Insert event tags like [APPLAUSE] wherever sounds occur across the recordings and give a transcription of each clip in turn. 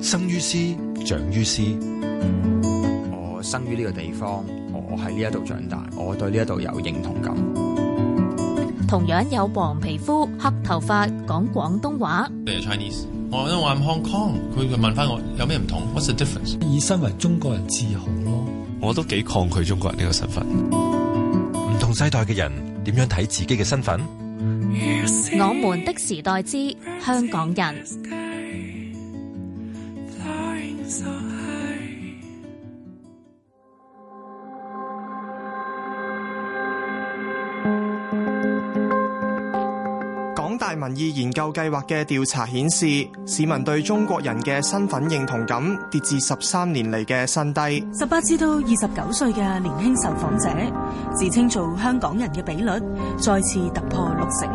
生於斯，長於斯。我生於呢個地方，我喺呢一度長大，我對呢一度有認同感。同樣有黃皮膚、黑頭髮、講廣東話。Chinese，我覺得我係 n 佢就問翻我，問我有咩唔同？What's the difference？以身為中國人自豪咯。我都幾抗拒中國人呢個身份。唔同世代嘅人點樣睇自己嘅身份？See，我們的時代之 Birthday，香港人。Birthday. 研究計劃嘅調查顯示，市民對中國人嘅身份認同感跌至十三年嚟嘅新低。十八至到二十九歲嘅年輕受訪者，自稱做香港人嘅比率再次突破六成。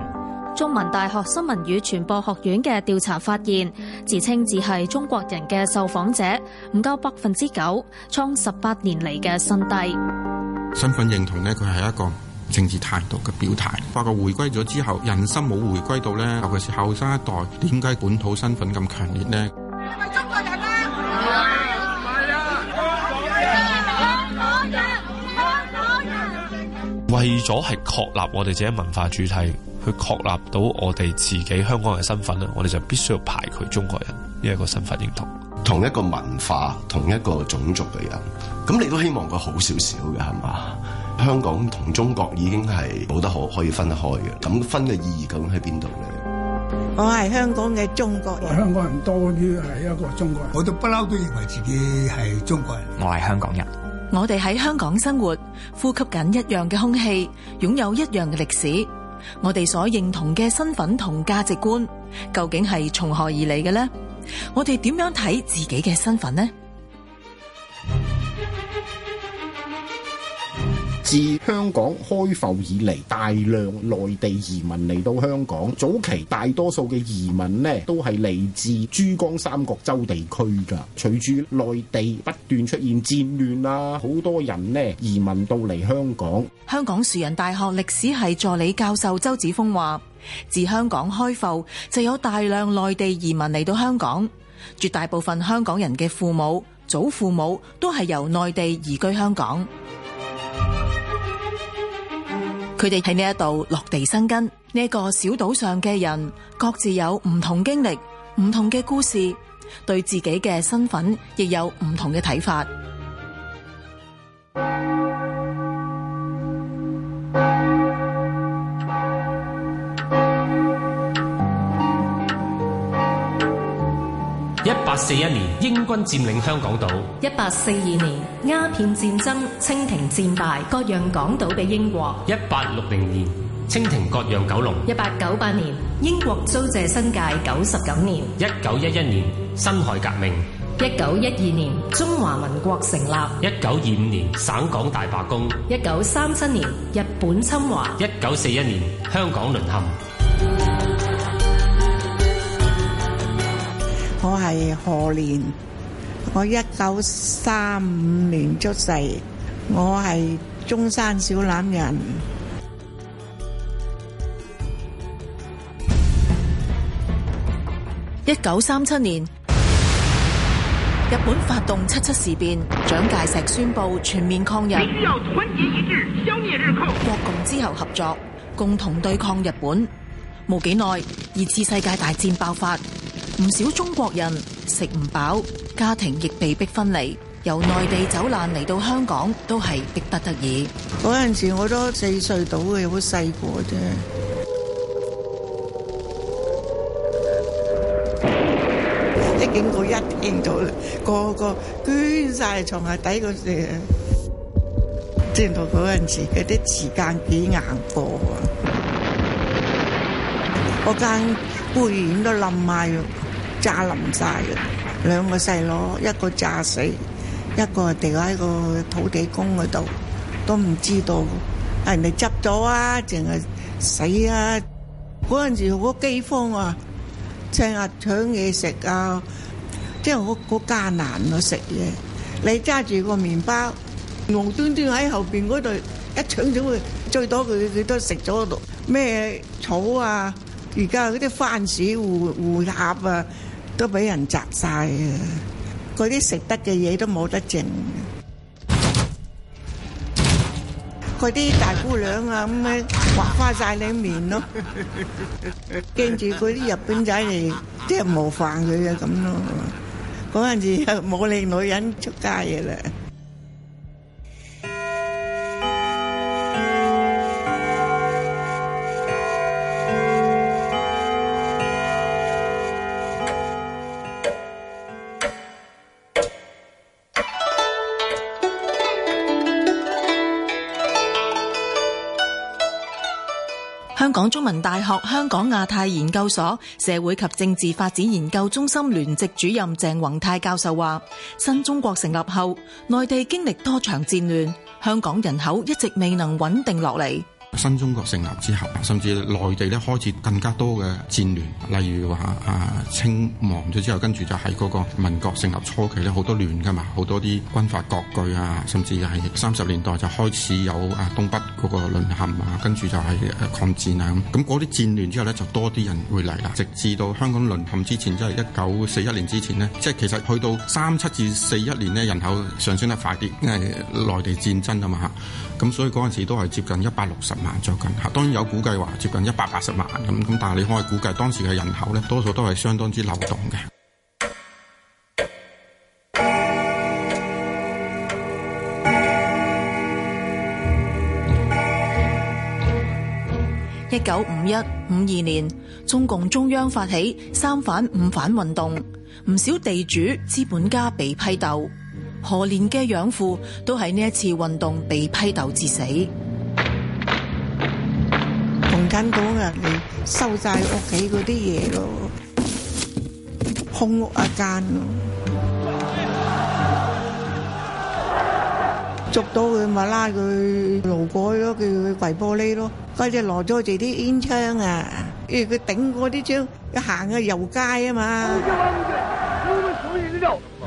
中文大學新聞與傳播學院嘅調查發現，自稱只係中國人嘅受訪者唔夠百分之九，創十八年嚟嘅新低。身份認同咧，佢係一個。政治態度嘅表態，發覺回歸咗之後，人心冇回歸到咧，尤其是後生一代，點解本土身份咁強烈呢？係咪中國人啊？係啊，啊，啊，啊，啊，啊！為咗係確立我哋自己的文化主題，去確立到我哋自己香港人嘅身份咧，我哋就必須要排除中國人呢一個身份認同。同一個文化、同一個種族嘅人，咁你都希望佢好少少嘅係嘛？是吧？香港同中國已經係冇得好可以分得開嘅，咁分嘅意義究竟喺邊度呢？我係香港嘅中國人，香港人多於係一個中國人，我都不嬲都認為自己係中國人。我係香港人，我哋喺香港生活，呼吸緊一樣嘅空氣，擁有一樣嘅歷史，我哋所認同嘅身份同價值觀，究竟係從何而嚟嘅呢？我哋點樣睇自己嘅身份呢？自香港開埠以嚟，大量內地移民嚟到香港。早期大多數嘅移民呢都係嚟自珠江三角洲地區噶。隨住內地不斷出現戰亂啊，好多人呢移民到嚟香港。香港樹仁大學歷史系助理教授周子峰話，自香港開埠就有大量內地移民嚟到香港，絕大部分香港人嘅父母、祖父母都係由內地移居香港。佢哋喺呢一度落地生根，呢個小島上嘅人各自有唔同經歷、唔同嘅故事，對自己嘅身份亦有唔同嘅睇法。一八四一年，英軍佔領香港島；一八四二年，鴉片戰爭，清廷戰敗，割讓港島俾英國；一八六零年，清廷割讓九龍；一八九八年，英國租借新界九十九年；一九一一年，辛亥革命；一九一二年，中華民國成立；一九二五年，省港大罷工；一九三七年，日本侵華；一九四一年，香港淪陷。我係何年？我一九三五年出世，我係中山小欖人。一九三七年，日本發動七七事變，蔣介石宣布全面抗日。需要團結一致，消滅日寇。國共之後合作，共同對抗日本。冇幾耐，二次世界大戰爆發。唔少中國人食唔飽，家庭亦被逼分離。由內地走難嚟到香港，都係逼不得已。嗰陣時我都四歲到嘅，好細個啫。啲警我一聽到個個捐晒床下底嗰處，知道嗰陣時嗰啲時間幾難過啊！我間孤兒院都冧埋咯。炸冧曬嘅兩個細佬，一個炸死，一個掉喺個土地公嗰度，都唔知道人哋執咗啊！淨係死啊！嗰陣時好饑荒啊，即係搶嘢食啊！即係好好艱難啊食嘢。你揸住個麵包，無端端喺後邊嗰度一搶搶佢，最多佢佢都食咗啲咩草啊！而家嗰啲番薯、芋芋鴨啊～都俾人砸曬啊！嗰啲食得嘅嘢都冇得剩，嗰啲大姑娘啊咁咧，畫花曬你面咯，驚住嗰啲日本仔嚟即係冒犯佢啊咁咯。嗰陣時冇靚女人出街嘅啦。港中文大學香港亞太研究所社會及政治發展研究中心聯席主任鄭宏泰教授話，新中國成立後，內地經歷多場戰亂，香港人口一直未能穩定落嚟。新中國成立之後，甚至內地咧開始更加多嘅戰亂，例如話啊清亡咗之後，跟住就係嗰個民國成立初期咧好多亂噶嘛，好多啲軍閥割據啊，甚至又係三十年代就開始有啊東北嗰個淪陷啊，跟住就係抗戰啊咁，嗰啲戰亂之後咧就多啲人會嚟啦，直至到香港淪陷之前，即係一九四一年之前咧，即係其實去到三七至四一年咧人口上升得快啲，因為內地戰爭啊嘛。咁所以嗰陣時都係接近一百六十萬將近，當然有估計話接近一百八十萬咁咁，但係你可以估計當時嘅人口咧，多數都係相當之流動嘅。一九五一五二年，中共中央發起三反五反運動，唔少地主資本家被批鬥。何蓮嘅養父都喺呢一次運動被批鬥致死。房間多啊，人嚟，收晒屋企嗰啲嘢咯，空屋一間咯。捉到佢咪拉佢，路過咗佢跪玻璃咯，家姐攞咗住啲煙槍啊，因為佢頂嗰啲張，行去遊街啊嘛。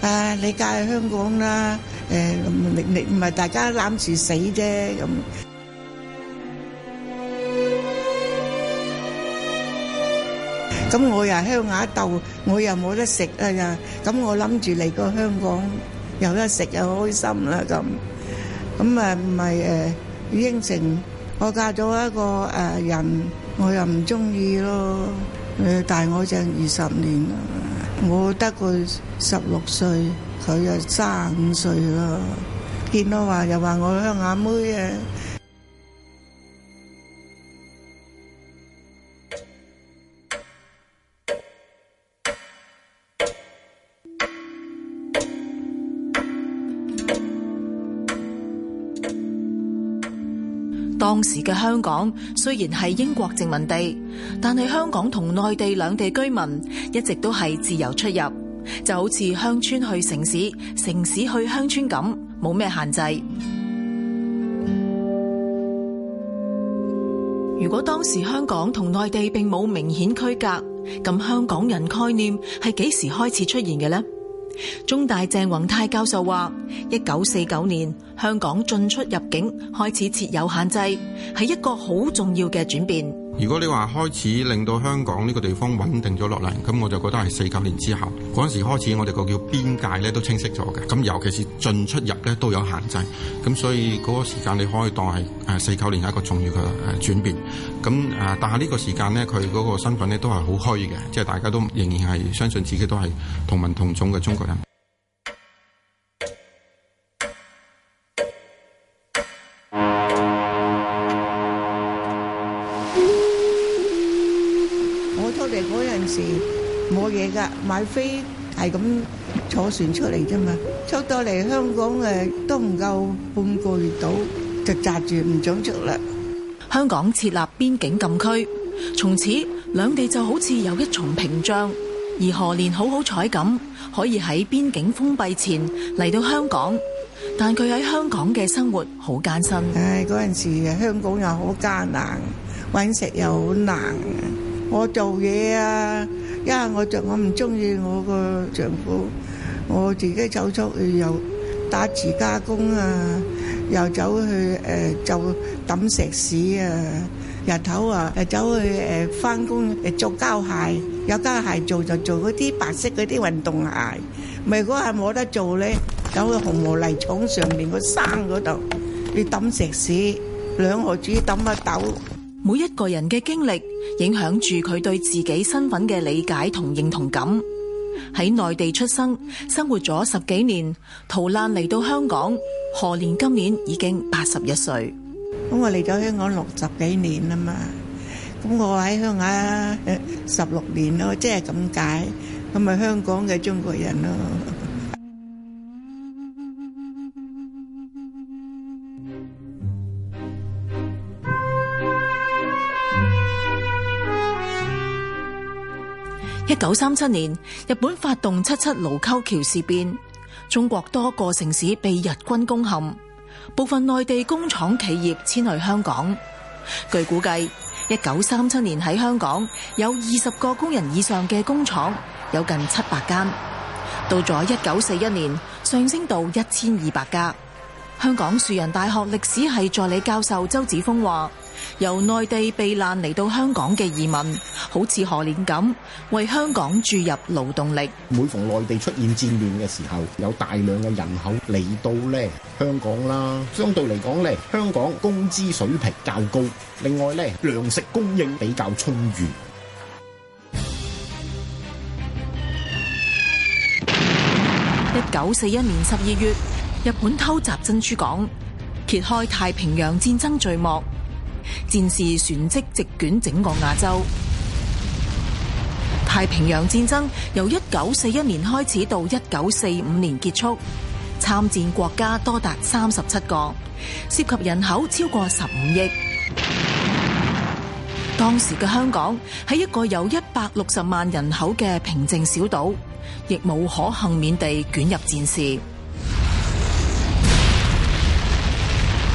誒，你嫁去香港啦，誒，你你唔係大家攬住死啫咁。咁我又鄉下鬥，我又冇得食啊！咁，我諗住嚟個香港有得食又開心啦咁。咁誒唔係誒應承我嫁咗一個誒人，我又唔中意咯。誒大我成二十年啦。我得個十六歲，佢就三五歲咯，見到話又話我鄉下妹啊。當時嘅香港雖然係英國殖民地，但係香港同內地兩地居民一直都係自由出入，就好似鄉村去城市，城市去鄉村咁，冇咩限制。 [MUSIC] 如果當時香港同內地並冇明顯區隔，咁香港人概念係幾時開始出現嘅呢？中大鄭宏泰教授話，一九四九年香港進出入境開始設有限制，係一個好重要嘅轉變。如果你話開始令到香港呢個地方穩定咗落嚟，咁我就覺得係四九年之後嗰陣時開始，我哋個叫邊界咧都清晰咗嘅。咁尤其是進出入咧都有限制，咁所以嗰個時間你可以當係誒四九年一個重要嘅誒轉變。咁、啊、但係呢個時間咧，佢嗰個身份咧都係好虛嘅，即係大家都仍然係相信自己都係同民同種嘅中國人。買飛係咁坐船出嚟啫嘛，出到嚟香港誒都唔夠半個月到就紮住唔想出啦。香港設立邊境禁區，從此兩地就好似有一重屏障。而何年好好彩咁，可以喺邊境封閉前嚟到香港，但佢喺香港嘅生活好艱辛。唉，嗰陣時香港又好艱難，搵食又好難，我做嘢啊。因為我著我唔中意我個丈夫，我自己走出去又打字加工、呃、啊，又走去誒、呃呃、做抌石屎啊，日頭啊誒走去誒翻工誒做膠鞋，有膠鞋做就做啲白色嗰啲運動鞋，咪嗰下冇得做咧，走去紅毛泥廠上面個山嗰度，你抌石屎，兩毫子抌一斗。每一個人嘅經歷影響住佢對自己身份嘅理解同認同感。喺內地出生，生活咗十幾年，逃難嚟到香港，何年今年已經八十一歲。咁我嚟咗香港六十幾年吖嘛，咁我喺鄉下十六年咯，即係咁解，咁咪香港嘅中國人咯。一九三七年，日本發動七七盧溝橋事變，中國多個城市被日軍攻陷，部分內地工廠企業遷去香港。據估計，一九三七年喺香港有二十個工人以上嘅工廠，有近七百間。到咗一九四一年，上升到一千二百家。香港樹仁大學歷史系助理教授周子峰話。由內地避難嚟到香港嘅移民，好似何年咁為香港注入勞動力。每逢內地出現戰亂嘅時候，有大量嘅人口嚟到呢香港啦。相對嚟講呢，香港工資水平較高，另外呢糧食供應比較充裕。一九四一年十二月，日本偷襲珍珠港，揭開太平洋戰爭序幕。戰事旋即席捲整個亞洲。太平洋戰爭由一九四一年開始到一九四五年結束，參戰國家多達三十七個，涉及人口超過十五億。當時嘅香港係一個有一百六十萬人口嘅平靜小島，亦無可幸免地捲入戰事。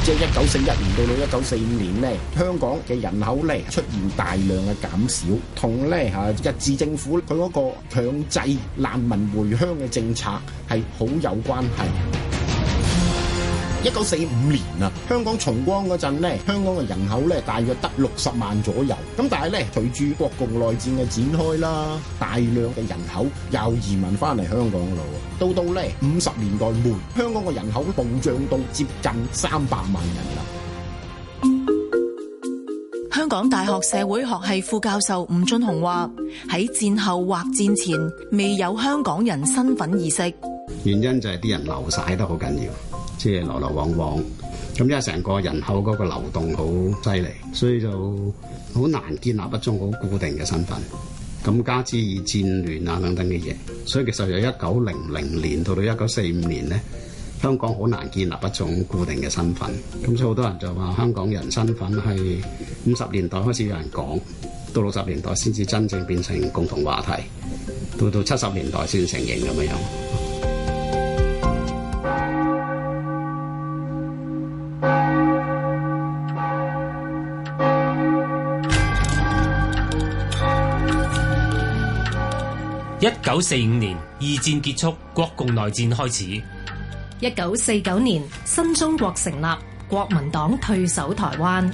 即係一九四一年到到一九四五年咧，香港嘅人口咧出現大量嘅減少，同咧吓日治政府佢嗰個強制難民回鄉嘅政策係好有關係。一九四五年啊，香港重光嗰陣咧，香港嘅人口咧大約得六十萬左右。咁但係咧，隨住國共內戰嘅展開啦，大量嘅人口又移民翻嚟香港咯。到到咧五十年代末，香港嘅人口暴漲到接近三百萬人啦。香港大學社會學系副教授吳俊雄話：喺戰後或戰前未有香港人身份意識，原因就係啲人流晒得好緊要。即係來來往往，因為成個人口嗰個流動好犀利，所以就好難建立一種好固定嘅身份。咁加之以戰亂啊等等嘅嘢，所以其實由一九零零年到到一九四五年咧，香港好難建立一種固定嘅身份。咁所以好多人就話香港人身份係五十年代開始有人講，到六十年代先至真正變成共同話題，到到七十年代先成認成型咁樣樣。一九四五年，二戰結束，國共內戰開始。一九四九年，新中國成立，國民黨退守台灣。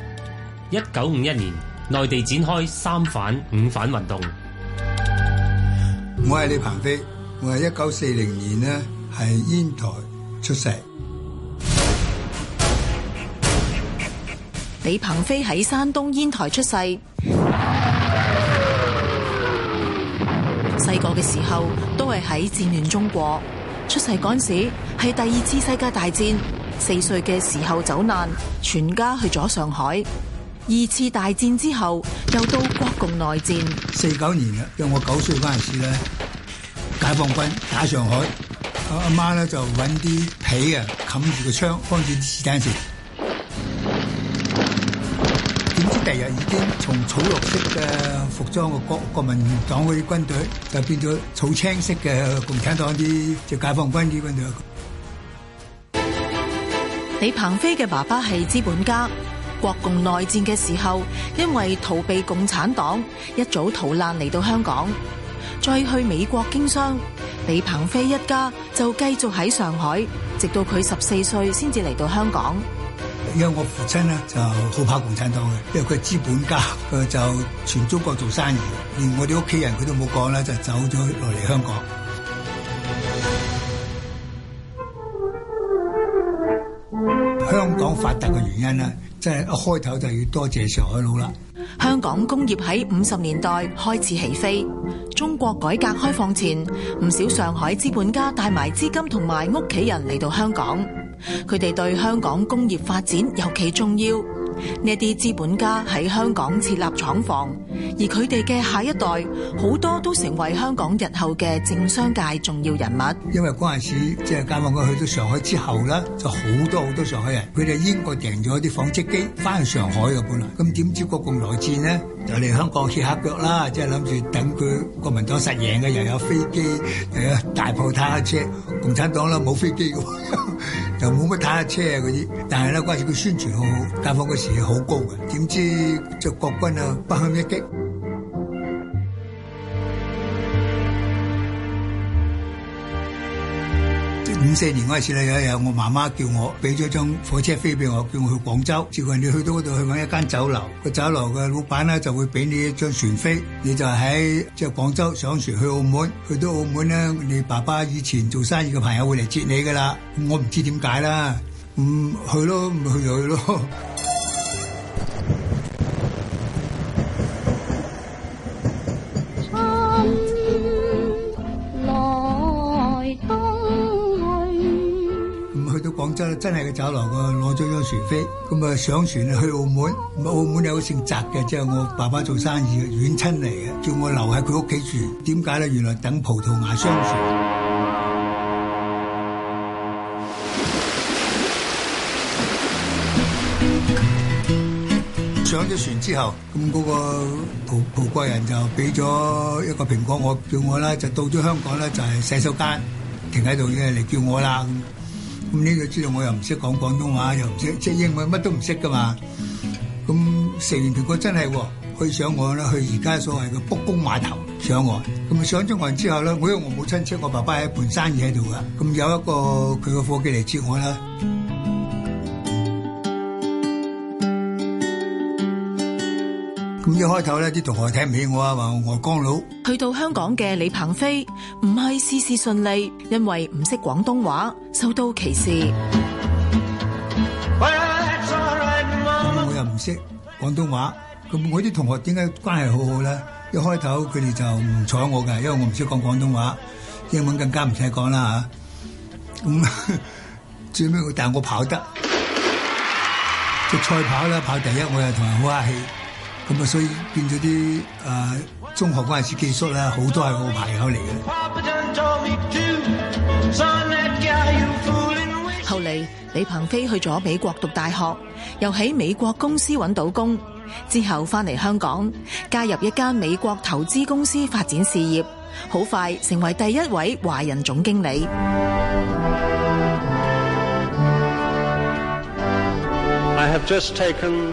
一九五一年，內地展開三反五反運動。我係李鵬飛，我係一九四零年呢，喺煙台出世。李鵬飛喺山東煙台出世。細個嘅時候都係喺戰亂中過，出世嗰時係第二次世界大戰，四歲嘅時候走難，全家去咗上海。二次大戰之後，又到國共內戰。四九年啦，我九歲嗰陣時咧，解放軍打上海，阿阿媽咧就揾啲被啊冚住個窗，防止子彈射。日日已經從草綠色嘅服裝嘅國民黨嗰啲軍隊，就變咗草青色嘅共產黨啲叫解放軍啲軍隊。李鵬飛嘅爸爸係資本家，國共內戰嘅時候，因為逃避共產黨，一早逃難嚟到香港，再去美國經商。李鵬飛一家就繼續喺上海，直到佢十四歲先至嚟到香港。因為我父親呢，就好怕共產黨嘅，因為佢資本家，佢就全中國做生意，連我哋屋企人佢都冇講啦，就走咗落嚟香港。香港發達嘅原因呢，即係一開頭就要多謝上海佬啦。香港工業喺五十年代開始起飛，中國改革開放前，唔少上海資本家帶埋資金同埋屋企人嚟到香港。佢哋對香港工業發展尤其重要。呢啲資本家喺香港設立廠房，而佢哋嘅下一代好多都成為香港日後嘅政商界重要人物。因為嗰陣時即係解放軍去到上海之後咧，就好多好多上海人，佢哋英國訂咗啲紡織機翻去上海嘅本嚟。咁點知國共內戰呢？就嚟香港歇下腳啦！即係諗住等佢國民黨實贏嘅，又有飛機，又有大炮坦克車，共產黨啦冇飛機嘅，又冇乜坦克車嗰啲。但係咧，關鍵佢宣傳好好，解放嗰時好高嘅。點知就國軍啊，不堪一擊。五四年開始，呢咧，有日我媽媽叫我俾咗張火車飛俾我，叫我去廣州。之後你去到嗰度去搵一間酒樓，個酒樓嘅老闆咧就會俾你一張船飛，你就喺即係廣州上船去澳門。去到澳門咧，你爸爸以前做生意嘅朋友會嚟接你噶啦。我唔知點解啦，唔、嗯、去咯，唔去就去咯。去咯到廣州真係個酒樓個攞咗張船飛，咁啊上船去澳門。澳門有個姓翟嘅，即係我爸爸做生意嘅遠親嚟嘅，叫我留喺佢屋企住。點解咧？原來等葡萄牙商船上咗船之後，咁嗰個葡葡國人就俾咗一個蘋果，我叫我啦，就到咗香港咧，就係、是、洗手間停喺度，即係嚟叫我啦。咁呢個知道我又唔識講廣東話，又唔識即係英文，乜都唔識噶嘛。咁食完蘋果真係，去上岸啦。去而家所謂嘅卜公碼頭上岸。咁上咗岸之後咧，我因為我冇親戚，我爸爸有盤生意喺度噶。咁有一個佢嘅伙計嚟接我啦。一開頭咧，啲同學睇唔起我啊，話我外江佬。去到香港嘅李鵬飛唔係事事順利，因為唔識廣東話，受到歧視。我又唔識廣東話，咁我啲同學點解關係好好咧？一開頭佢哋就唔睬我㗎，因為我唔識講廣東話，英文更加唔使講啦吓？咁最尾但係我跑得，做賽跑啦，跑第一，我又同人好客氣。咁啊，所以變咗啲誒，中學嗰陣時寄宿啦，好多係我朋友嚟嘅。後嚟李鵬飛去咗美國讀大學，又喺美國公司揾到工，之後翻嚟香港，加入一間美國投資公司發展事業，好快成為第一位華人總經理。I have just taken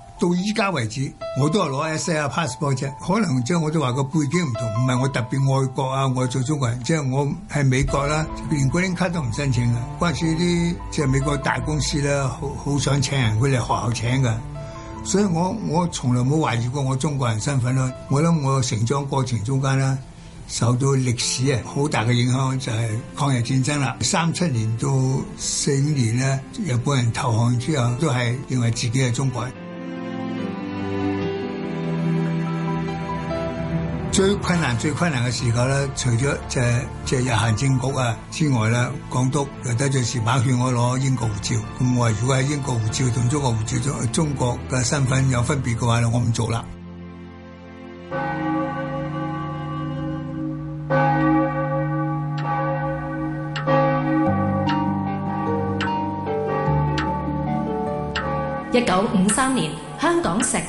到依家為止，我都係攞 S. I. passport 啫。可能即係我都話個背景唔同，唔係我特別愛國啊，我做中國人。即係我喺美國啦，連嗰啲卡都唔申請啊。關於啲即係美國大公司咧，好好想請人，佢哋學校請嘅。所以我我從來冇懷疑過我中國人身份咯。我諗我成長過程中間咧，受到歷史啊好大嘅影響，就係抗日戰爭啦，三七年到四五年咧，日本人投降之後，都係認為自己係中國人。最困難最困難嘅時候咧，除咗即係即係入行政局啊之外咧，港督又得陣時，馬勸我攞英國護照。咁我話如果喺英國護照同中國護照中，中國嘅身份有分別嘅話咧，我唔做啦。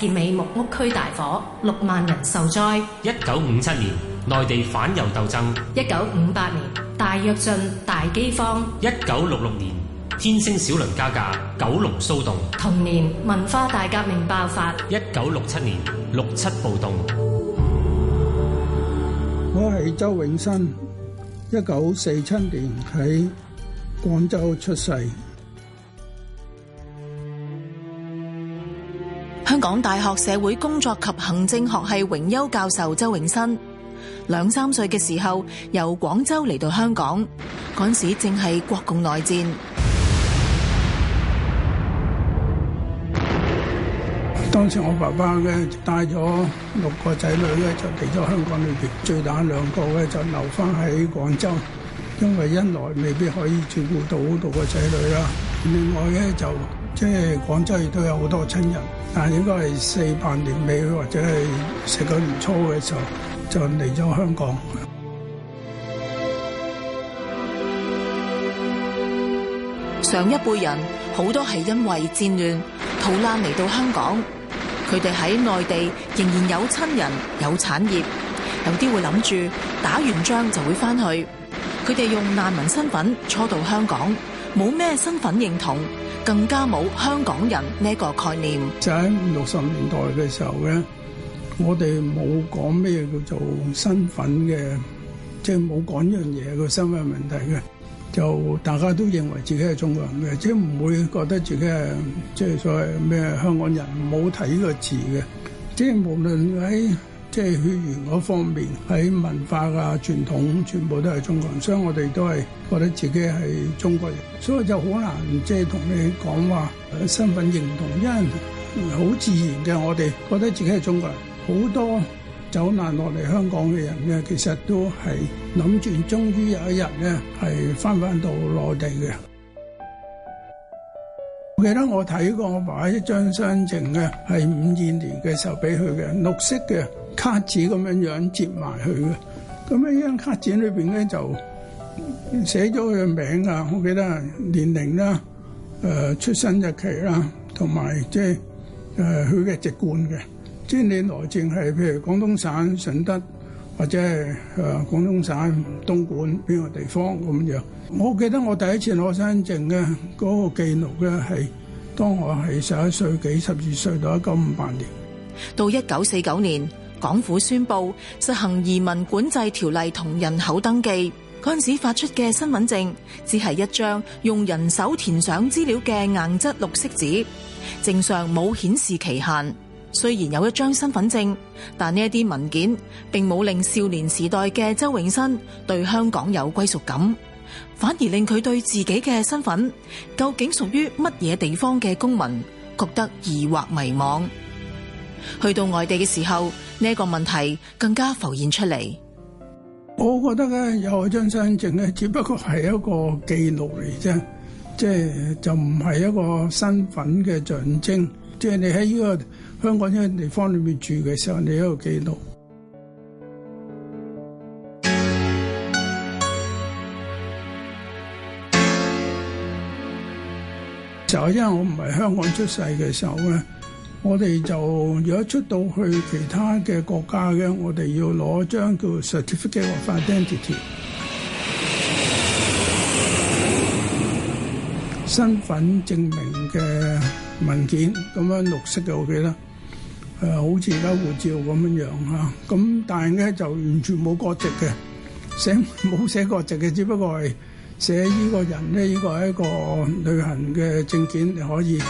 尖美木屋區大火，六萬人受災。一九五七年，內地反右鬥爭。一九五八年，大躍進大饑荒。一九六六年，天星小輪加價，九龍騷動。同年，文化大革命爆發。一九六七年，六七暴動。我係周永新，一九四七年喺廣州出世。港大學社會工作及行政學系榮休教授周永新，兩三歲嘅時候由廣州嚟到香港，嗰時正係國共內戰。當時我爸爸咧帶咗六個仔女咧，就嚟咗香港裏邊，最大兩個咧就留翻喺廣州，因為一來未必可以照顧到六個仔女啦，另外咧就即係廣州亦都有好多親人。但應該係四八年尾或者係四九年初嘅時候就嚟咗香港。上一輩人好多係因為戰亂逃難嚟到香港，佢哋喺內地仍然有親人、有產業，有啲會諗住打完仗就會翻去。佢哋用難民身份初到香港，冇咩身份認同。更加冇香港人呢個概念，就喺六十年代嘅時候咧，我哋冇講咩叫做身份嘅，即係冇講呢樣嘢個身份問題嘅，就大家都認為自己係中國人嘅，即係唔會覺得自己係即係所謂咩香港人，冇睇呢個字嘅，即係無論喺。即係血緣嗰方面，喺文化啊、傳統，全部都係中國人，所以我哋都係覺得自己係中國人，所以就好難即係同你講話身份認同，因為好自然嘅，我哋覺得自己係中國人。好多走難落嚟香港嘅人咧，其實都係諗住，終於有一日咧係翻返到內地嘅。我記得我睇過我爸一張相證嘅，係五二年嘅時候俾佢嘅，綠色嘅。卡紙咁樣樣折埋佢嘅，咁喺張卡紙裏邊咧就寫咗佢名啊，我記得年齡啦，誒出生日期啦，同埋即係誒佢嘅籍貫嘅，即係你來證係譬如廣東省順德或者係誒廣東省東莞邊個地方咁樣。我記得我第一次攞身份證嘅嗰個記錄咧係當我係十一歲幾十二歲到一九五八年，到一九四九年。港府宣布實行移民管制條例同人口登記，嗰陣時發出嘅身份證只係一張用人手填上資料嘅硬質綠色紙，證上冇顯示期限。雖然有一張身份證，但呢一啲文件並冇令少年時代嘅周永新對香港有歸屬感，反而令佢對自己嘅身份究竟屬於乜嘢地方嘅公民，覺得疑惑迷茫。去到外地嘅時候，呢個問題更加浮現出嚟。我覺得咧，有一張身份證咧，只不過係一個記錄嚟啫，即係就唔係一個身份嘅象徵。即係你喺呢個香港呢個地方裏面住嘅時候，你一個記錄。就係 [MUSIC] 因為我唔係香港出世嘅時候咧。我哋就如果出到去其他嘅國家咧，我哋要攞張叫 certificate of identity 身份證明嘅文件，咁樣綠色嘅，我記得，誒、啊、好似而家護照咁樣樣嚇。咁、啊、但係咧就完全冇國籍嘅，寫冇寫國籍嘅，只不過係寫呢個人咧，呢、這個係一個旅行嘅證件，你可以。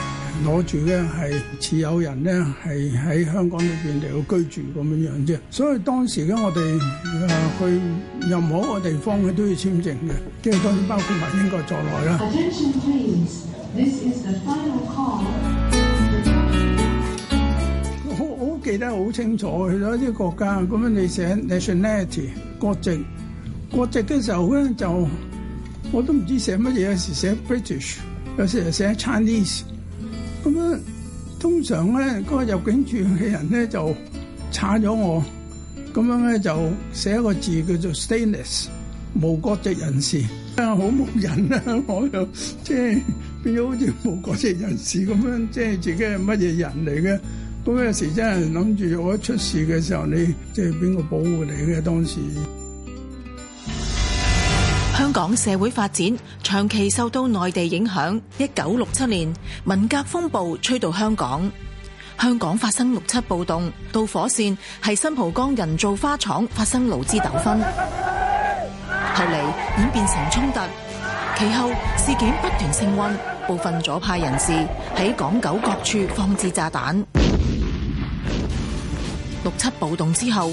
攞住咧係持有人咧係喺香港裏邊嚟到居住咁樣樣啫。所以當時咧，我哋去任何一個地方佢都要簽證嘅，即係當然包括埋英國在內啦。我好記得好清楚去咗一啲國家咁樣，你寫 nationality 國籍，國籍嘅時候咧就我都唔知寫乜嘢，有時寫 British，有時又寫 Chinese。咁通常咧，嗰、那個入境處嘅人咧就叉咗我，咁樣咧就寫一個字叫做 stainless 無國籍人士，好冇癮啊，我又即係變咗好似無國籍人士咁樣，即、就、係、是、自己係乜嘢人嚟嘅？咁有時真係諗住我一出事嘅時候，你即係邊個保護你嘅當時？香港社會發展長期受到內地影響。一九六七年，文革風暴吹到香港，香港發生六七暴動。導火線係新蒲崗人造花廠發生勞資糾紛，後來演變成衝突。其後事件不斷升溫，部分左派人士喺港九各處放置炸彈。六七暴動之後，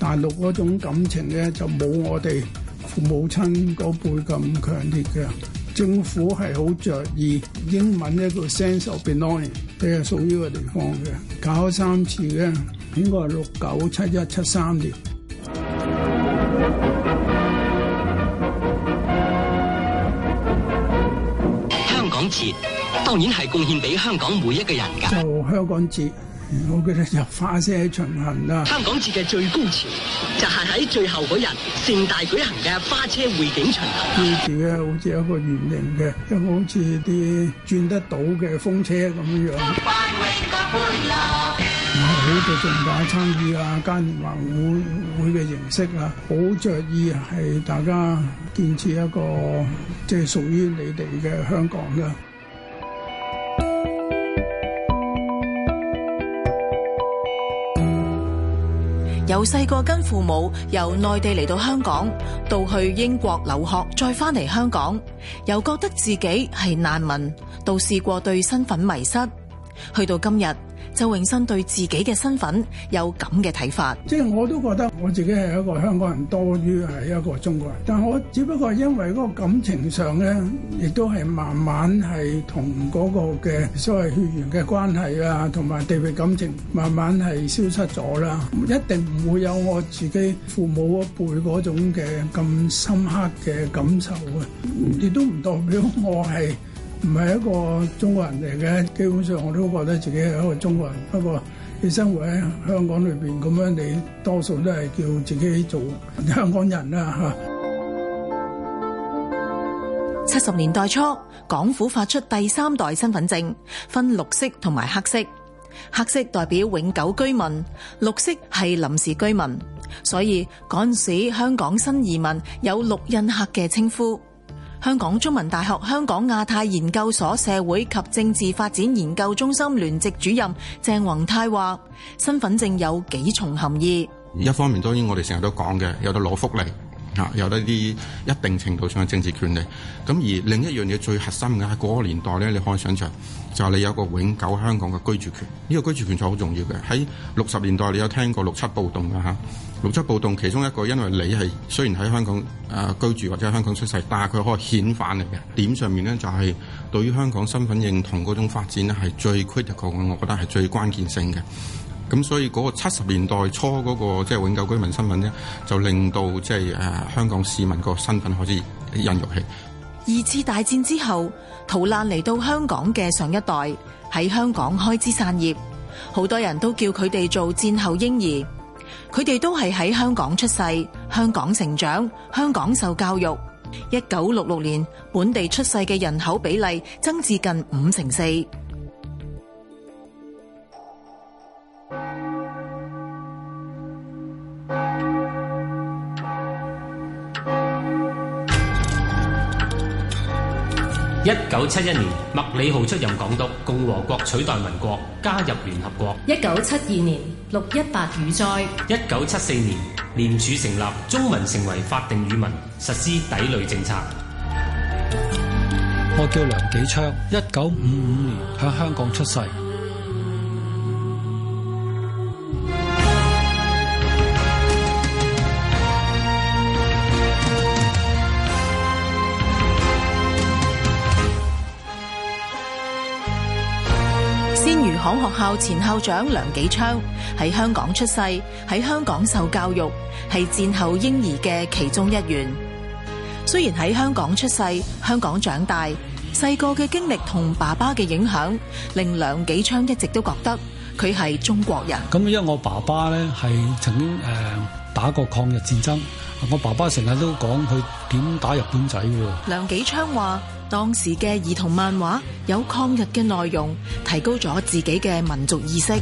大陸嗰種感情咧，就冇我哋父母親嗰輩咁強烈嘅。政府係好着意英文咧叫 sense of belonging，係屬於個地方嘅。搞三次嘅，應該係六九、七一、七三年。香港節當然係貢獻俾香港每一個人㗎。就香港節。我記得入花車巡行啦、啊！香港節嘅最高潮就係、是、喺最後嗰日盛大舉行嘅花車匯景巡行、啊。嗯，嘅好似一個圓形嘅，一個好似啲轉得到嘅風車咁樣樣。好多重大參與啊，嘉年華會會嘅形式啊，好着意係大家建設一個即係、就是、屬於你哋嘅香港嘅、啊。由細個跟父母由內地嚟到香港，到去英國留學，再返嚟香港，又覺得自己係難民，到試過對身份迷失。去到今日，周永新對自己嘅身份有咁嘅睇法，即係我都覺得我自己係一個香港人多於係一個中國人，但我只不過因為嗰個感情上咧，亦都係慢慢係同嗰個嘅所謂血緣嘅關係啊，同埋地域感情慢慢係消失咗啦，一定唔會有我自己父母一輩嗰種嘅咁深刻嘅感受啊，亦都唔代表我係。唔係一個中國人嚟嘅，基本上我都覺得自己係一個中國人。不過你生活喺香港裏邊咁樣，你多數都係叫自己做香港人啦、啊、吓，七十年代初，港府發出第三代身份證，分綠色同埋黑色，黑色代表永久居民，綠色係臨時居民，所以嗰時香港新移民有綠印客嘅稱呼。香港中文大學香港亞太研究所社會及政治發展研究中心聯席主任鄭宏泰話：身份證有幾重含義？一方面當然我哋成日都講嘅，有得攞福利，啊，有得一啲一定程度上嘅政治權利。咁而另一樣嘢最核心嘅，喺嗰個年代咧，你可以想象。就係、是、你有個永久香港嘅居住權，呢、這個居住權就好重要嘅。喺六十年代，你有聽過六七暴動㗎吓、啊？六七暴動其中一個因為你係雖然喺香港、呃、居住或者香港出世，但係佢可以遣返嚟嘅。點上面咧就係、是、對於香港身份認同嗰種發展咧係最 critical 嘅，我覺得係最關鍵性嘅。咁所以嗰個七十年代初嗰、那個即、就是、永久居民身份咧，就令到即、就、係、是呃、香港市民個身份開始孕育起。二次大戰之後，逃難嚟到香港嘅上一代喺香港開枝散葉，好多人都叫佢哋做戰後嬰兒，佢哋都係喺香港出世，香港成長，香港受教育。一九六六年，本地出世嘅人口比例增至近五成四。一九七一年，麥理浩出任港督，共和國取代民國，加入聯合國。一九七二年，六一八雨災。一九七四年，廉署成立，中文成為法定語文，實施抵壘政策。我叫梁紀昌，一九五五年響香港出世。行學校前校長梁紀昌喺香港出世，喺香港受教育，係戰後嬰兒嘅其中一員。雖然喺香港出世，香港長大，細個嘅經歷同爸爸嘅影響，令梁紀昌一直都覺得佢係中國人。咁因為我爸爸咧係曾經誒打過抗日戰爭，我爸爸成日都講佢點打日本仔嘅。梁紀昌話。當時嘅兒童漫畫有抗日嘅內容，提高咗自己嘅民族意識。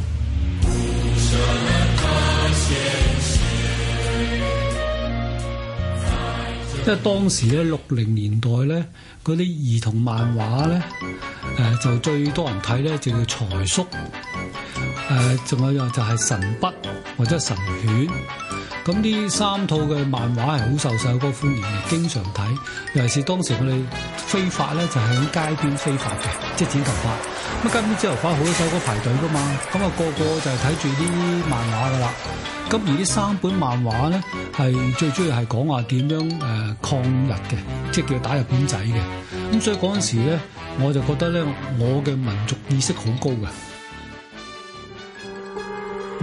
因為當時咧，六零年代咧，嗰啲兒童漫畫咧，誒就最多人睇咧就叫財叔，誒仲有就係神筆或者神犬。咁呢三套嘅漫畫係好受細個歡迎嘅，經常睇。尤其是當時佢哋飛髮咧，就喺、是、街邊飛髮嘅，即係剪頭髮。咁、就、啊、是，街邊剪頭髮好多細個排隊噶嘛，咁、那、啊個個就係睇住啲漫畫噶啦。咁而呢三本漫畫咧，係最主要係講話點樣誒、呃、抗日嘅，即係叫打日本仔嘅。咁所以嗰陣時咧，我就覺得咧，我嘅民族意識好高嘅。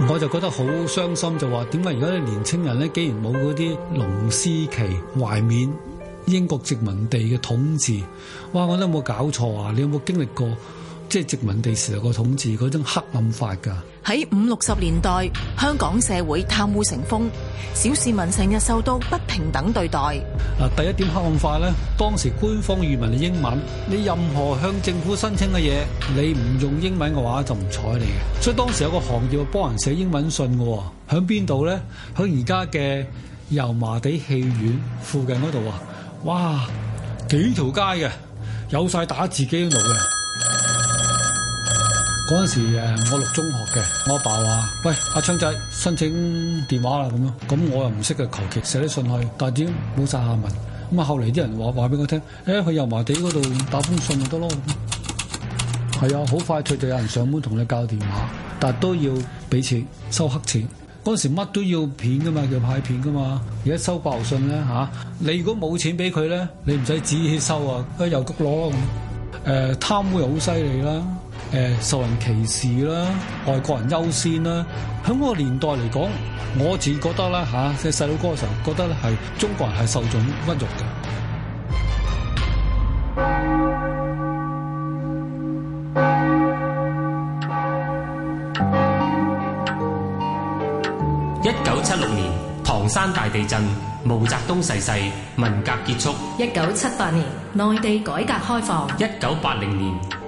我就覺得好傷心，就話點解而家啲年青人咧，既然冇嗰啲龍獅旗，懷緬英國殖民地嘅統治，哇！我覺得有冇搞錯啊？你有冇經歷過？即係殖民地時代個統治嗰種黑暗法噶。喺五六十年代，香港社會貪污成風，小市民成日受到不平等對待。啊，第一點黑暗法咧，當時官方語文係英文，你任何向政府申請嘅嘢，你唔用英文嘅話就唔睬你。所以當時有個行業幫人寫英文信嘅，喺邊度咧？喺而家嘅油麻地戲院附近嗰度啊！哇，幾條街嘅，有晒打字機喺度嘅。嗰陣時誒，我讀中學嘅，我阿爸話，喂，阿、啊、昌仔申請電話啦咁樣，咁我又唔識嘅，求其寫啲信去，但係點冇晒下文。咁啊，後嚟啲人話話俾我聽，誒，去油麻地嗰度打封信咪得咯。係啊，好快脆就有人上門同你交電話，但係都要俾錢收黑錢。嗰陣時乜都要片噶嘛，叫派片噶嘛。而家收爆信咧嚇、啊，你如果冇錢俾佢咧，你唔使自己收啊，佢又焗攞咁。誒、呃，貪污又好犀利啦。誒，受人歧視啦，外國人優先啦，喺嗰個年代嚟講，我自己覺得啦吓，即係細路哥嘅時候覺得咧，係中國人係受盡屈辱嘅。一九七六年唐山大地震，毛澤東逝世，文革結束。一九七八年內地改革開放。一九八零年。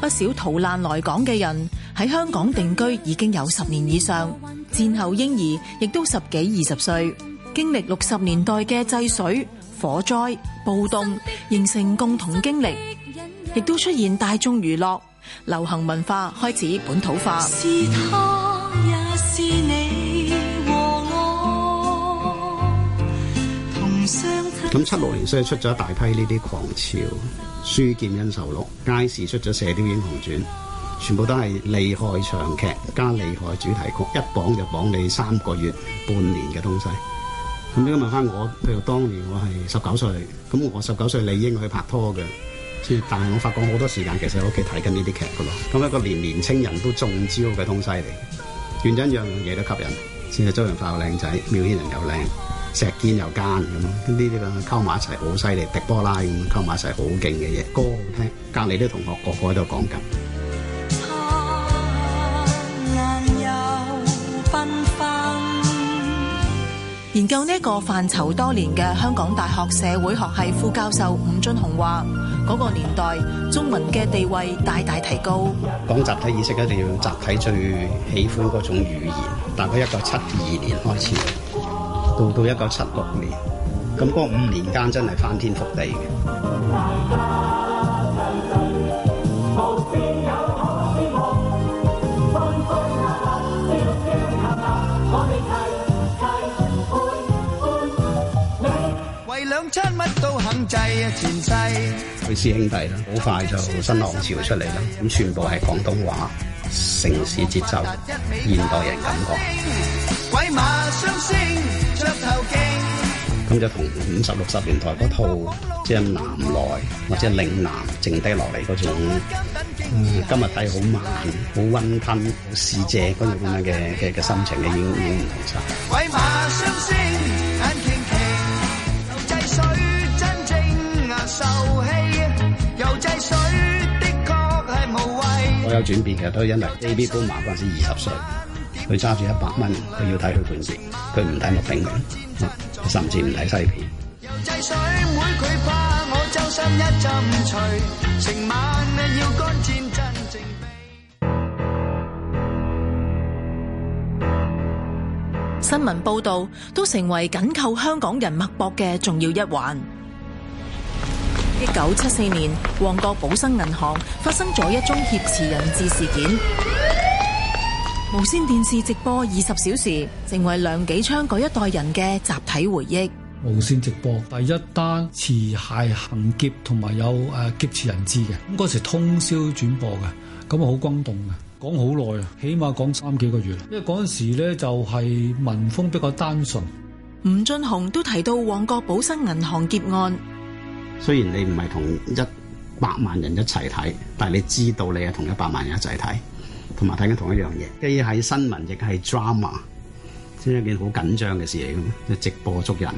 不少逃難來港嘅人喺香港定居已經有十年以上，戰後嬰兒亦都十幾二十歲，經歷六十年代嘅製水、火災、暴動，形成共同經歷，亦都出現大眾娛樂、流行文化開始本土化。咁七六年所以出咗一大批呢啲狂潮。書劍恩仇錄、街市出咗射雕英雄傳，全部都係厲害長劇加厲害主題曲，一綁就綁你三個月、半年嘅東西。咁呢個問翻我，譬如當年我係十九歲，咁我十九歲理應去拍拖嘅，但係我發覺好多時間，其實喺屋企睇緊呢啲劇噶咯。咁、那、一個連年青人都中招嘅東西嚟，原因樣樣嘢都吸引，先係周潤發又靚仔，苗人又靚。石堅又奸咁，呢啲咯，溝埋一齊好犀利，迪波拉咁溝埋一齊好勁嘅嘢，歌好聽。隔離啲同學個個喺度講緊、啊。研究呢一個範疇多年嘅香港大學社會學系副教授伍俊雄話：嗰、那個年代中文嘅地位大大提高。講集體意識一定要集體最喜歡嗰種語言，大概一九七二年開始。到到一九七六年，咁嗰五年間真係翻天覆地嘅。為兩餐乜都肯制，前世。佢師兄弟啦，好快就新浪潮出嚟啦，咁全部係廣東話，城市節奏，現代人感覺。鬼馬雙星。咁就同五十六十年代嗰套即係南來或者嶺南剩低落嚟嗰種、嗯、今日睇好慢好溫吞好市井嗰種咁樣嘅嘅嘅心情已經已經唔同晒。我有轉變嘅，都因為 AB 哥嗰陣時二十歲。佢揸住一百蚊，佢要睇佢本事，佢唔睇木片嘅，甚至唔睇西片。新聞報道都成為緊扣香港人脈搏嘅重要一環。一九七四年，旺角寶生銀行發生咗一宗挾持人質事件。無線電視直播二十小時，成為梁紀昌嗰一代人嘅集體回憶。無線直播第一單持械行劫，同埋有誒、啊、劫持人質嘅。咁嗰時通宵轉播嘅，咁啊好轟動嘅，講好耐啊，起碼講三幾個月。因為嗰時咧就係、是、民風比較單純。吳俊雄都提到旺角寶生銀行劫案。雖然你唔係同一百萬人一齊睇，但係你知道你係同一百萬人一齊睇。同埋睇緊同一樣嘢，既係新聞，亦係 drama，先係一件好緊張嘅事嚟嘅，即係直播捉人。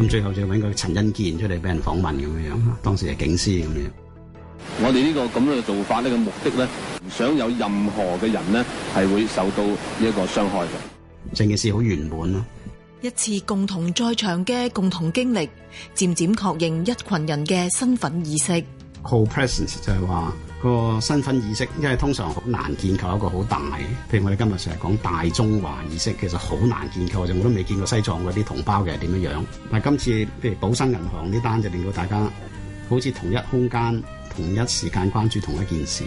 咁最後就揾個陳欣健出嚟俾人訪問咁嘅樣，當時係警司咁樣。我哋呢個咁嘅做法，呢個目的咧，唔想有任何嘅人咧係會受到呢一個傷害嘅，整件事好圓滿啦。一次共同在場嘅共同經歷，漸漸確認一群人嘅身份意識。Co-presence 就係話。個身份意識，因為通常好難建構一個好大，譬如我哋今日成日講大中華意識，其實好難建構，我我都未見過西藏嗰啲同胞嘅點樣。但今次譬如寶生銀行呢單就令到大家好似同一空間、同一時間關注同一件事。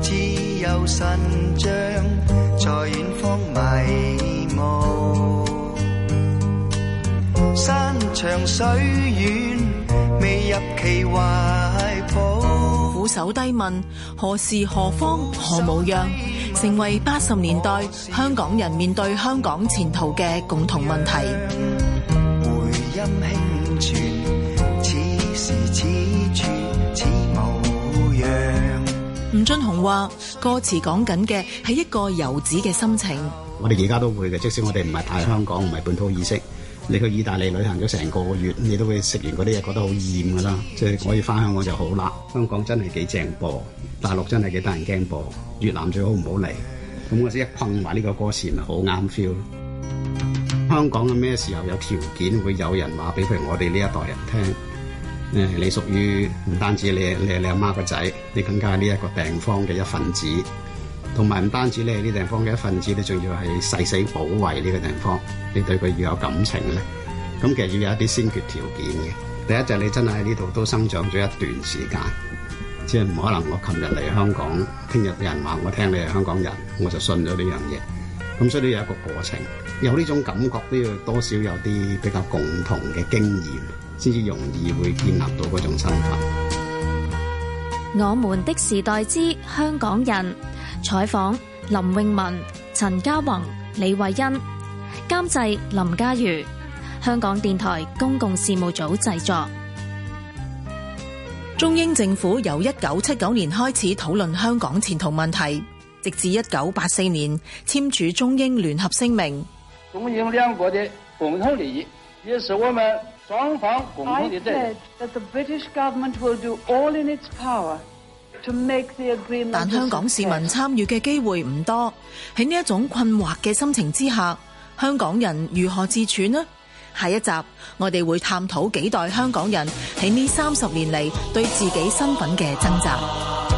自由神像在遠方迷霧，山長水遠。未入其懷抱，俯首低問：何時何方何模樣？成為八十年代香港人面對香港前途嘅共同問題。回音輕傳，此時此處此模樣。吳俊雄話：歌詞講緊嘅係一個游子嘅心情。我哋而家都會嘅，即使我哋唔係太香港，唔係本土意識。你去意大利旅行咗成個月，你都會食完嗰啲嘢覺得好厭噶啦，即係可以翻香港就好啦。香港真係幾正噃，大陸真係幾得人驚噃，越南最好唔好嚟。咁我先一碰埋呢個歌詞，咪好啱 feel。香港嘅咩時候有條件會有人話俾譬如我哋呢一代人聽？誒，你屬於唔單止你，你係你阿媽個仔，你更加係呢一個病房嘅一份子。同埋唔單止你係呢地方嘅一份子，你仲要係誓死保衛呢個地方，你對佢要有感情咧。咁其實要有一啲先決條件嘅。第一就係你真係喺呢度都生長咗一段時間，即係唔可能。我琴日嚟香港，聽日有人話我聽你係香港人，我就信咗呢樣嘢。咁所以都有一個過程，有呢種感覺都要多少有啲比較共同嘅經驗，先至容易會建立到嗰種身份。我們的時代之香港人。採訪林詠文、陳嘉宏、李慧欣，監製林嘉瑜，香港電台公共事務組製作。中英政府由一九七九年開始討論香港前途問題，直至一九八四年簽署中英聯合聲明。中英兩國的共同利益，也是我們雙方共同的責任。That the British government will do all in its power. 但香港市民參與嘅機會唔多，喺呢一種困惑嘅心情之下，香港人如何自處呢？下一集我哋會探討幾代香港人喺呢三十年嚟對自己身份嘅掙扎。